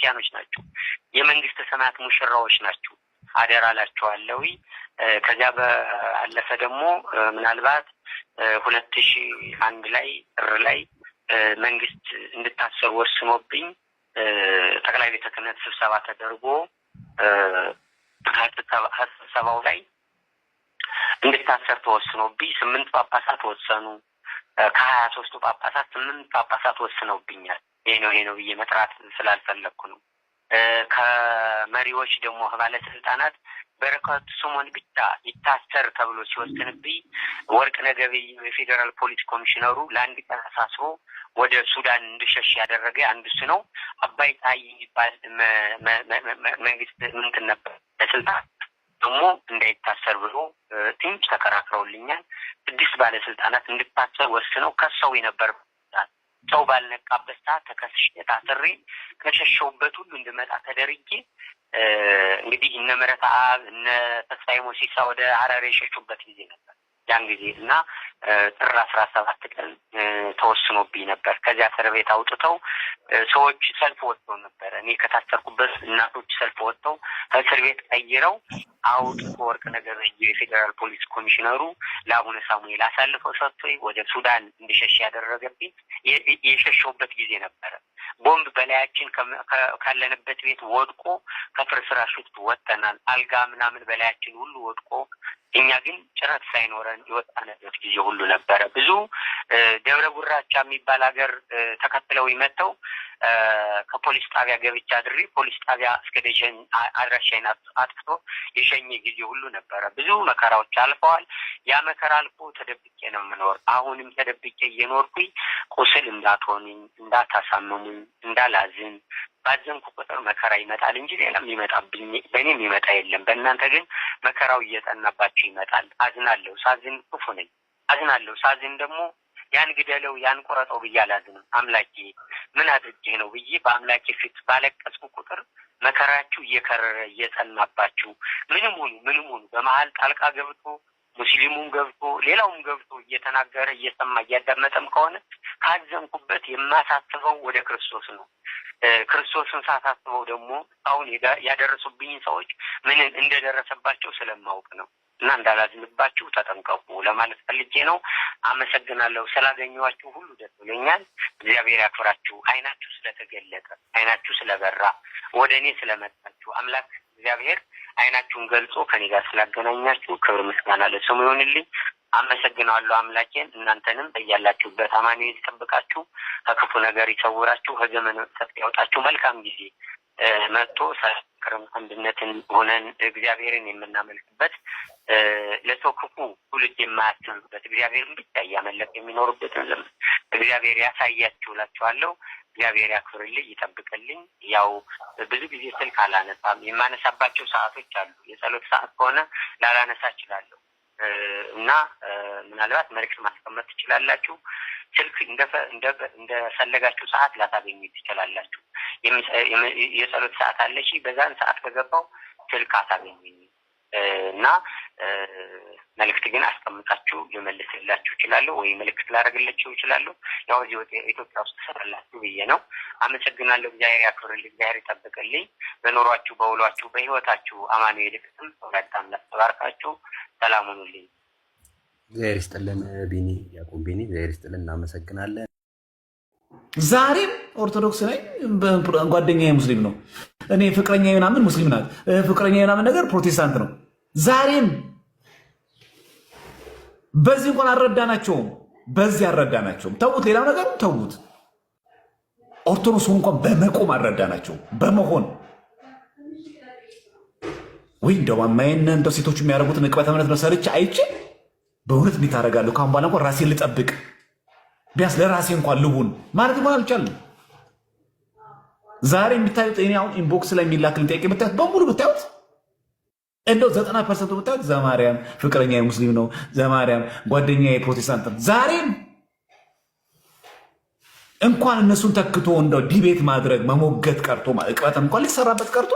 ክርስቲያኖች ናቸው። የመንግስተ ሰማያት ሙሽራዎች ናቸው። አደራ ላችኋለሁ። ከዚያ ባለፈ ደግሞ ምናልባት ሁለት ሺ አንድ ላይ ጥር ላይ መንግስት እንድታሰሩ ወስኖብኝ ጠቅላይ ቤተ ክህነት ስብሰባ ተደርጎ ስብሰባው ላይ እንድታሰር ተወስኖብኝ ስምንት ጳጳሳት ወሰኑ። ከሀያ ሶስቱ ጳጳሳት ስምንት ጳጳሳት ወስነውብኛል። ይሄ ነው ይሄ ነው ብዬ መጥራት ስላልፈለግኩ ነው። ከመሪዎች ደግሞ ከባለስልጣናት በረከቱ ስምኦን ብቻ ይታሰር ተብሎ ሲወስንብኝ ወርቅ ገበየሁ የፌዴራል ፖሊስ ኮሚሽነሩ ለአንድ ቀን አሳስሮ ወደ ሱዳን እንድሸሽ ያደረገ አንዱ እሱ ነው። አባይ ጣይ የሚባል መንግስት ምንትን ነበር ለስልጣን ደግሞ እንዳይታሰር ብሎ ትንሽ ተከራክረውልኛል። ስድስት ባለስልጣናት እንድታሰር ወስነው ከሰው የነበር ሰው ባልነቃበት ሰዓት ተከስሽ የታስሬ ከሸሸውበት ሁሉ እንድመጣ ተደርጌ እንግዲህ እነ ምህረት አብ እነ ተስፋዬ ሞሲሳ ወደ ሀረር የሸሹበት ጊዜ ነበር ያን ጊዜ እና ጥር አስራ ሰባት ቀን ተወስኖብኝ ነበር። ከዚያ እስር ቤት አውጥተው ሰዎች ሰልፍ ወጥተው ነበር። እኔ ከታሰርኩበት እናቶች ሰልፍ ወጥተው ከእስር ቤት ቀይረው አውጥ ወርቅ ነገር የፌዴራል ፖሊስ ኮሚሽነሩ ለአቡነ ሳሙኤል አሳልፈው ሰጥቶ ወደ ሱዳን እንድሸሽ ያደረገብኝ የሸሸውበት ጊዜ ነበረ። ቦምብ በላያችን ካለንበት ቤት ወድቆ ከፍርስራሹ ወጥተናል። አልጋ ምናምን በላያችን ሁሉ ወድቆ እኛ ግን ጭረት ሳይኖረን የወጣንበት ጊዜ ሁሉ ነበረ። ብዙ ደብረ ጉራቻ የሚባል ሀገር ተከትለው ይመተው ከፖሊስ ጣቢያ ገብቼ አድሬ ፖሊስ ጣቢያ እስከ ደጀን አድራሻዬን አጥፍቶ የሸኘ ጊዜ ሁሉ ነበረ። ብዙ መከራዎች አልፈዋል። ያ መከራ አልፎ ተደብቄ ነው የምኖር። አሁንም ተደብቄ እየኖርኩኝ ቁስል እንዳትሆኑኝ፣ እንዳታሳምሙኝ፣ እንዳላዝን ባዘንኩ ቁጥር መከራ ይመጣል እንጂ ሌላ የሚመጣብኝ በእኔ የሚመጣ የለም። በእናንተ ግን መከራው እየጠናባቸው ይመጣል። አዝናለሁ። ሳዝን ክፉ ነኝ። አዝናለሁ። ሳዝን ደግሞ ያን ግደለው ያን ቆረጠው ብዬ አላዝንም። አምላኬ ምን አድርጌ ነው ብዬ በአምላኬ ፊት ባለቀስኩ ቁጥር መከራችሁ እየከረረ እየጸናባችሁ ምንም ሆኑ ምንም ሆኑ በመሀል ጣልቃ ገብቶ ሙስሊሙም ገብቶ ሌላውም ገብቶ እየተናገረ እየሰማ እያዳመጠም ከሆነ ካዘንኩበት የማሳስበው ወደ ክርስቶስ ነው። ክርስቶስን ሳሳስበው ደግሞ አሁን ያደረሱብኝ ሰዎች ምን እንደደረሰባቸው ስለማወቅ ነው። እና እንዳላዝንባችሁ ተጠንቀቁ ለማለት ፈልጌ ነው። አመሰግናለሁ። ስላገኘኋችሁ ሁሉ ደስ ብሎኛል። እግዚአብሔር ያክብራችሁ። አይናችሁ ስለተገለጠ፣ አይናችሁ ስለበራ፣ ወደ እኔ ስለመጣችሁ አምላክ እግዚአብሔር አይናችሁን ገልጾ ከኔ ጋር ስላገናኛችሁ ክብር ምስጋና ለስሙ ይሆንልኝ። አመሰግናለሁ አምላኬን። እናንተንም በያላችሁበት አማኒ ይጠብቃችሁ፣ ከክፉ ነገር ይሰውራችሁ፣ ከዘመን መቅሰፍት ያውጣችሁ። መልካም ጊዜ መጥቶ ሰላም፣ አንድነትን ሆነን እግዚአብሔርን የምናመልክበት ለሰው ክፉ ትውልድ የማያስቡበት እግዚአብሔርን ብቻ እያመለኩ የሚኖሩበትን ዘመን እግዚአብሔር ያሳያችሁ እላችኋለሁ። እግዚአብሔር ያክብርልኝ፣ ይጠብቅልኝ። ያው ብዙ ጊዜ ስልክ አላነሳም። የማነሳባቸው ሰዓቶች አሉ። የጸሎት ሰዓት ከሆነ ላላነሳ እችላለሁ እና ምናልባት መልዕክት ማስቀመጥ ትችላላችሁ። ስልክ እንደፈለጋችሁ ሰዓት ላታገኙ ትችላላችሁ። የጸሎት ሰዓት አለች በዛን ሰዓት ከገባው ስልክ አታገኙኝ እና መልእክት ግን አስቀምጣችሁ ልመልስላችሁ እችላለሁ ወይ መልእክት ላደርግላችሁ እችላለሁ። ያው እዚህ ኢትዮጵያ ውስጥ ስራላችሁ ብዬ ነው። አመሰግናለሁ። እግዚአብሔር ያክብርልኝ፣ እግዚአብሔር ይጠብቅልኝ። በኖሯችሁ፣ በውሏችሁ፣ በህይወታችሁ አማኑ ልክትም ሁለታም ተባርካችሁ ሰላም ሁኑልኝ። እግዚአብሔር ይስጥልን። ቢኒ ያቁም ቢኒ፣ እግዚአብሔር ይስጥልን። እናመሰግናለን። ዛሬም ኦርቶዶክስ ላይ ጓደኛ ሙስሊም ነው። እኔ ፍቅረኛ ምናምን ሙስሊም ናት፣ ፍቅረኛ ምናምን ነገር ፕሮቴስታንት ነው። ዛሬም በዚህ እንኳን አልረዳናቸውም። በዚህ አልረዳናቸውም። ተዉት፣ ሌላው ነገር ተዉት። ኦርቶዶክስ እንኳን በመቆም አልረዳናቸውም። በመሆን ወይ እንደው ማማየነ እንደው ሴቶች የሚያደርጉትን ንቅበተ እምነት መሰርቼ አይቼ በእውነት እንዴት አደርጋለሁ? ከአሁን በኋላ እንኳን ራሴን ልጠብቅ፣ ቢያንስ ለራሴ እንኳን ልሁን ማለት እንኳን አልቻለም። ዛሬ የሚታዩት እኔ አሁን ኢንቦክስ ላይ የሚላክልን ጥያቄ ብታዩት በሙሉ ብታዩት እንደው ዘጠና ፐርሰንቱ ብታዩት ዘማርያም ፍቅረኛ ሙስሊም ነው፣ ዘማርያም ጓደኛ ፕሮቴስታንት ነው። ዛሬም እንኳን እነሱን ተክቶ እንደው ዲቤት ማድረግ መሞገት ቀርቶ እቅበት እንኳን ሊሰራበት ቀርቶ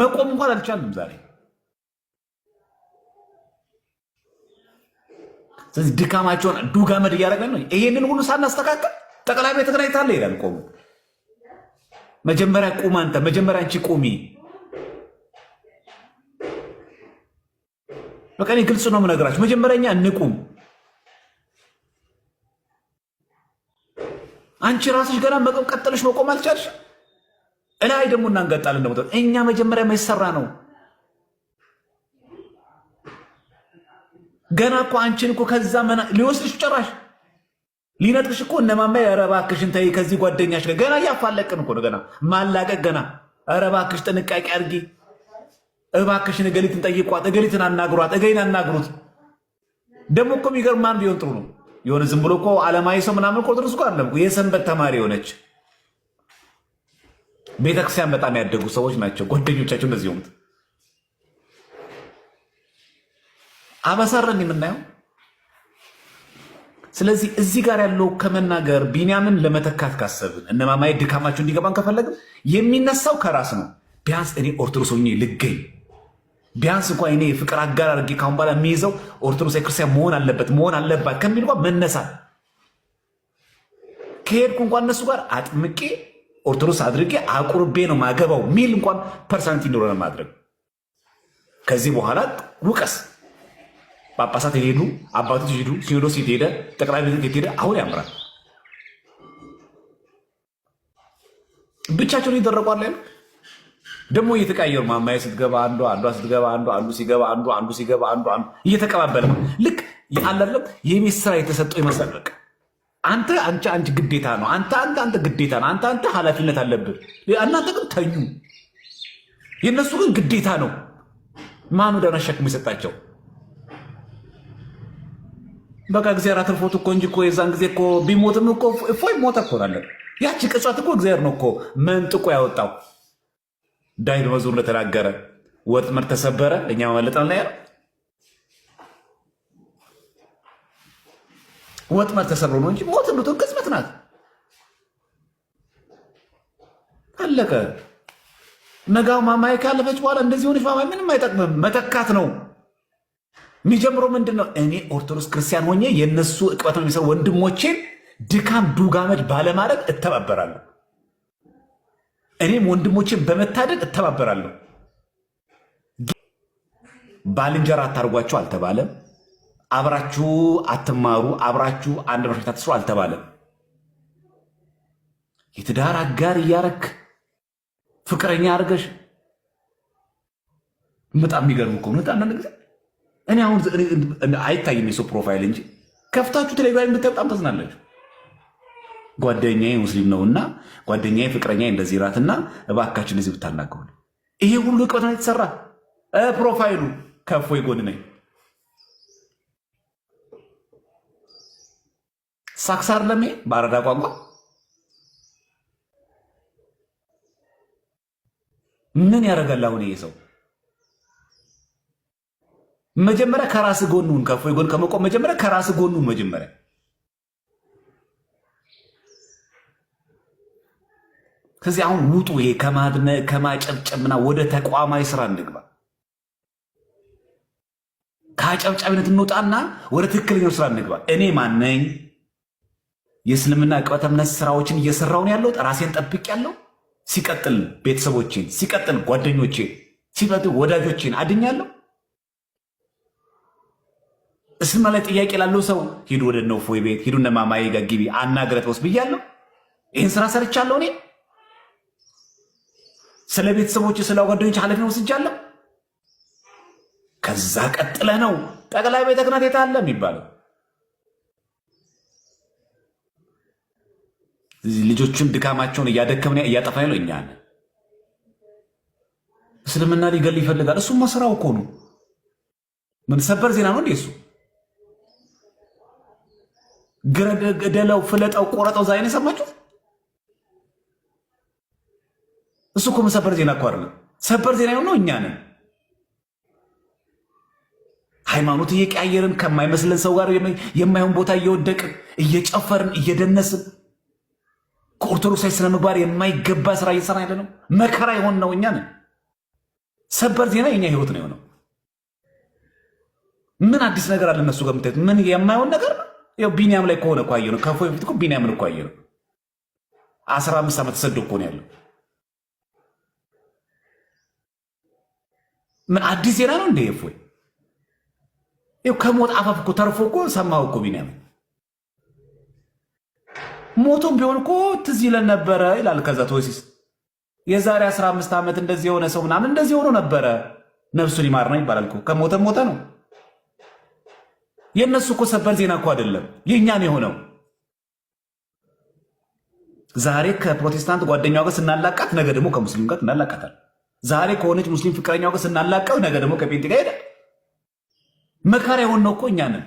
መቆም እንኳን አልቻልም ዛሬ። ስለዚህ ድካማቸውን ዱጋመድ እያደረገን ነው። ይሄንን ሁሉ ሳናስተካከል ጠቅላይ ቤተ ክህነት አለ ይላል። ቆሙ መጀመሪያ ቁም አንተ መጀመሪያ አንቺ ቁሚ በቃ እኔ ግልጽ ነው የምነግራችሁ። መጀመሪያኛ ንቁም። አንቺ ራስሽ ገና መቀም ቀጠለሽ መቆም አልቻልሽ። እላይ ደግሞ እናንገጣለን። ደሞ እኛ መጀመሪያ የማይሰራ ነው ገና እኮ አንቺን እኮ ከዛ መና ሊወስድሽ ጨራሽ ሊነጥቅሽ እኮ እነማማ የረባክሽን ተይ ከዚህ ጓደኛሽ ገና እያፋለቅን እኮ ነው ገና ማላቀቅ ገና ረባክሽ ጥንቃቄ አድርጊ እባክሽን እገሊትን ጠይቋት፣ እገሊትን አናግሯት፣ እገሊን አናግሩት። ደግሞ እኮ የሚገርማን ቢሆን ጥሩ ነው የሆነ ዝም ብሎ እኮ አለማዊ ሰው ምናምን እኮ አለም የሰንበት ተማሪ የሆነች ቤተክርስቲያን በጣም ያደጉ ሰዎች ናቸው ጓደኞቻቸው እንደዚህ ሆኑት። አበሳረን የምናየው ስለዚህ እዚህ ጋር ያለው ከመናገር ቢንያምን ለመተካት ካሰብን እነማማየት ድካማቸው እንዲገባን ከፈለግን የሚነሳው ከራስ ነው። ቢያንስ እኔ ኦርቶዶክስ ሆኜ ልገኝ ቢያንስ እንኳ እኔ የፍቅር አጋር አድርጌ ካሁን በኋላ የሚይዘው ኦርቶዶክስ ክርስቲያን መሆን አለበት መሆን አለባት ከሚል እንኳ መነሳት ከሄድኩ እንኳን እነሱ ጋር አጥምቄ ኦርቶዶክስ አድርጌ አቁርቤ ነው ማገባው ሚል እንኳን ፐርሰንቲ እንዲሆነ ማድረግ ከዚህ በኋላ ውቀስ ጳጳሳት የሄዱ አባቶች ሄዱ ሲኖዶስ የሄደ ጠቅላይ ቤት የሄደ አሁን ያምራል ብቻቸውን ይደረቋል ደግሞ እየተቀያየሩ ማማዬ ስትገባ አንዱ አንዷ ስትገባ አንዱ አንዱ ሲገባ አንዱ አንዱ ሲገባ አንዱ አንዱ እየተቀባበለ ልክ አላለም የቤት ስራ የተሰጠው ይመስላል። በቃ አንተ አንቺ አንቺ ግዴታ ነው አንተ አንተ አንተ ግዴታ ነው አንተ አንተ ኃላፊነት አለብህ። እናንተ ግን ተኙ፣ የእነሱ ግን ግዴታ ነው። ማኑ ዳን አሸክሞ የሰጣቸው በቃ እግዚአብሔር አትርፎት እኮ እንጂ እኮ የዛን ጊዜ እኮ ቢሞትም እኮ እፎይ ሞተ እኮ አለን። ያቺ ቅጽበት እኮ እግዚአብሔር ነው እኮ መንጥቆ ያወጣው። ዳዊት በመዝሙር እንደተናገረ ወጥመድ ተሰበረ፣ እኛ መመለጣል ና ያለው ወጥመድ ተሰብሮ ነው እንጂ ሞት እንዱትን ቅጽበት ናት። አለቀ። ነጋው ማማይ ካለፈች በኋላ እንደዚህ ሆነች ማማይ ምንም አይጠቅምም። መተካት ነው የሚጀምረው። ምንድን ነው እኔ ኦርቶዶክስ ክርስቲያን ሆኜ የእነሱ እቅበት ነው የሚሰሩ ወንድሞቼን ድካም ዱጋመድ ባለማድረግ እተባበራለሁ። እኔም ወንድሞችን በመታደግ እተባበራለሁ። ባልንጀራ አታርጓችሁ አልተባለም። አብራችሁ አትማሩ፣ አብራችሁ አንድ በሽታ አትስሩ አልተባለም። የትዳር አጋር እያረክ ፍቅረኛ አርገሽ በጣም የሚገርም ከሆነ አንዳንድ ጊዜ እኔ አሁን አይታይም የሰው ፕሮፋይል እንጂ ከፍታችሁ ቴሌግራም ብታይ በጣም ተዝናላችሁ። ጓደኛዬ ሙስሊም ነውና ጓደኛዬ ፍቅረኛ እንደዚህ ናትና እባካችን እንደዚህ ብታናገሩ። ይሄ ሁሉ እቅበት ነው የተሰራ። ፕሮፋይሉ ከፎ ጎን ነኝ። ሳክሳር ለሜ በአረዳ ቋንቋ ምን ያደርጋል? አሁን ይሄ ሰው መጀመሪያ ከራስ ጎኑን ከፎ ጎን ከመቆም መጀመሪያ ከራስ ጎኑን መጀመሪያ ከዚህ አሁን ውጡ። ይሄ ከማጨብጨብና ወደ ተቋማዊ ስራ እንግባ። ከአጨብጫቢነት እንውጣና ወደ ትክክለኛው ስራ እንግባ። እኔ ማነኝ? የእስልምና ዕቅበተ እምነት ስራዎችን እየሰራሁ ነው ያለሁት። ራሴን ያለው ሲቀጥል ቤተሰቦቼን፣ ሲቀጥል ጓደኞቼን፣ ሲቀጥል ወዳጆቼን አድኛለሁ። እስልምና ላይ ጥያቄ ላለው ሰው ሂዱ ወደ ነውፎይ ቤት ሂዱ እነ ማማዬ ጋር ግቢ አናግረህ ብያለሁ። ይህን ስራ ሰርቻለሁ እኔ ስለ ቤተሰቦች፣ ስለ ጓደኞች ኃላፊነት ወስጃለሁ። ከዛ ቀጥለ ነው ጠቅላይ ቤተ ክህነት የት አለ የሚባለው። ልጆቹን ድካማቸውን እያደከምን እያጠፋ ያለው እኛ ነን። እስልምና ሊገል ይፈልጋል። እሱ መስራው እኮ ነው። ምን ሰበር ዜና ነው እንዴ? እሱ ግረደለው፣ ፍለጠው፣ ቆረጠው ዛይነ ነው የሰማችሁት። እሱ እኮ ሰበር ዜና እኮ አይደለም። ሰበር ዜና የሆነው እኛ ነን። ሃይማኖት እየቀያየርን ከማይመስለን ሰው ጋር የማይሆን ቦታ እየወደቅን እየጨፈርን እየደነስን ከኦርቶዶክሳዊ ስነ ምግባር የማይገባ ስራ እየሰራ ያለ ነው። መከራ የሆን ነው እኛ ነን። ሰበር ዜና የኛ ህይወት ነው የሆነው። ምን አዲስ ነገር አለ እነሱ ጋር የምታዩት? ምን የማይሆን ነገር ያው ቢኒያም ላይ ከሆነ እኮ አየነው። ከፎ በፊት እኮ ቢኒያምን እኮ አየነው። አስራ አምስት ዓመት ተሰዶ እኮ ነው ያለው ምን አዲስ ዜና ነው እንደ ፎይ ከሞት አፋፍ እኮ ተርፎ እኮ ሰማሁ እኮ ቢኒያም ሞቶም ቢሆን እኮ ትዝ ይለን ነበረ ይላል። ከዛ ቶሲስ የዛሬ 15 ዓመት እንደዚህ የሆነ ሰው ምናምን እንደዚህ ሆኖ ነበረ ነፍሱን ይማር ነው ይባላል። ከሞተ ሞተ ነው። የእነሱ እኮ ሰበር ዜና እኮ አይደለም የእኛን የሆነው ዛሬ ከፕሮቴስታንት ጓደኛው ጋር ስናላቃት፣ ነገ ደግሞ ከሙስሊም ጋር እናላቃታል። ዛሬ ከሆነች ሙስሊም ፍቅረኛው ጋር ስናላቀው ነገ ደግሞ ከጴንጤ ጋር ሄደ። መከራ የሆነው እኮ እኛ ነን።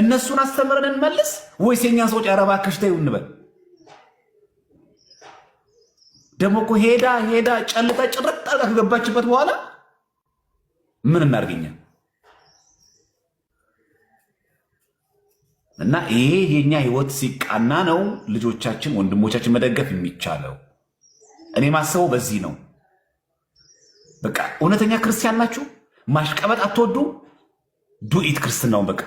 እነሱን አስተምረን እንመልስ ወይስ የእኛን ሰዎች አረባ ከሽታ ይሁንበል? ደግሞ እኮ ሄዳ ሄዳ ጨልጣ ጭርጥ አድርጋ ከገባችበት በኋላ ምን እናርገኛል? እና ይሄ የኛ ህይወት ሲቃና ነው ልጆቻችን ወንድሞቻችን መደገፍ የሚቻለው። እኔ ማሰበው በዚህ ነው። በቃ እውነተኛ ክርስቲያን ናችሁ። ማሽቀበጥ አትወዱ ዱኢት ክርስትናውን በቃ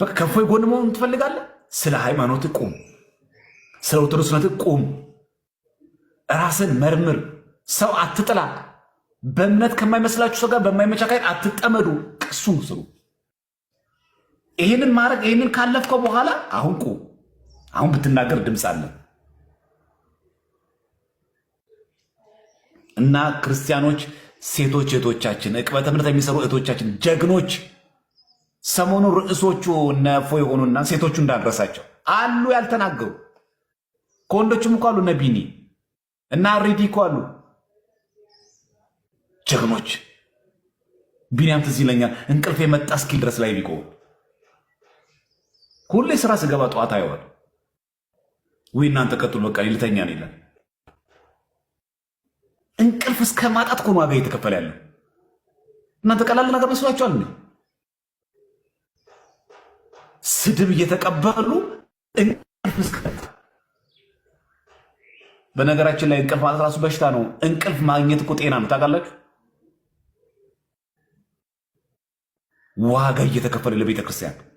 በቃ ከፎይ ጎን መሆን ትፈልጋለህ። ስለ ሃይማኖት ቁም፣ ስለ ኦርቶዶክስነት ቁም፣ ራስን መርምር፣ ሰው አትጥላ። በእምነት ከማይመስላችሁ ሰው ጋር በማይመቻካይን አትጠመዱ፣ ቅሱን ስሩ። ይህንን ማድረግ ይህንን ካለፍከው በኋላ አሁን ቁ አሁን ብትናገር ድምፅ አለን። እና ክርስቲያኖች ሴቶች እህቶቻችን እቅበተ የሚሰሩ እህቶቻችን ጀግኖች ሰሞኑ ርዕሶቹ ነፎ የሆኑና ሴቶቹ እንዳንረሳቸው አሉ ያልተናገሩ ከወንዶችም እኮ አሉ ነቢኒ እና ሬዲ እኮ አሉ ጀግኖች። ቢኒያም ትዝ ይለኛል እንቅልፍ የመጣ እስኪል ድረስ ላይ ቢቆ ሁሌ ስራ ስገባ ጠዋት አይዋል ወይ እናንተ ቀጥሉ በቃ ልተኛ ነው ይለን። እንቅልፍ እስከ ማጣት እኮ ነው ዋጋ እየተከፈለ እናንተ ቀላል ነገር መስሏችኋል እንዴ? ስድብ እየተቀበሉ እንቅልፍ እስከ በነገራችን ላይ እንቅልፍ ማጣት ራሱ በሽታ ነው። እንቅልፍ ማግኘት እኮ ጤና ነው። ታውቃላችሁ? ዋጋ እየተከፈለ ለቤተክርስቲያን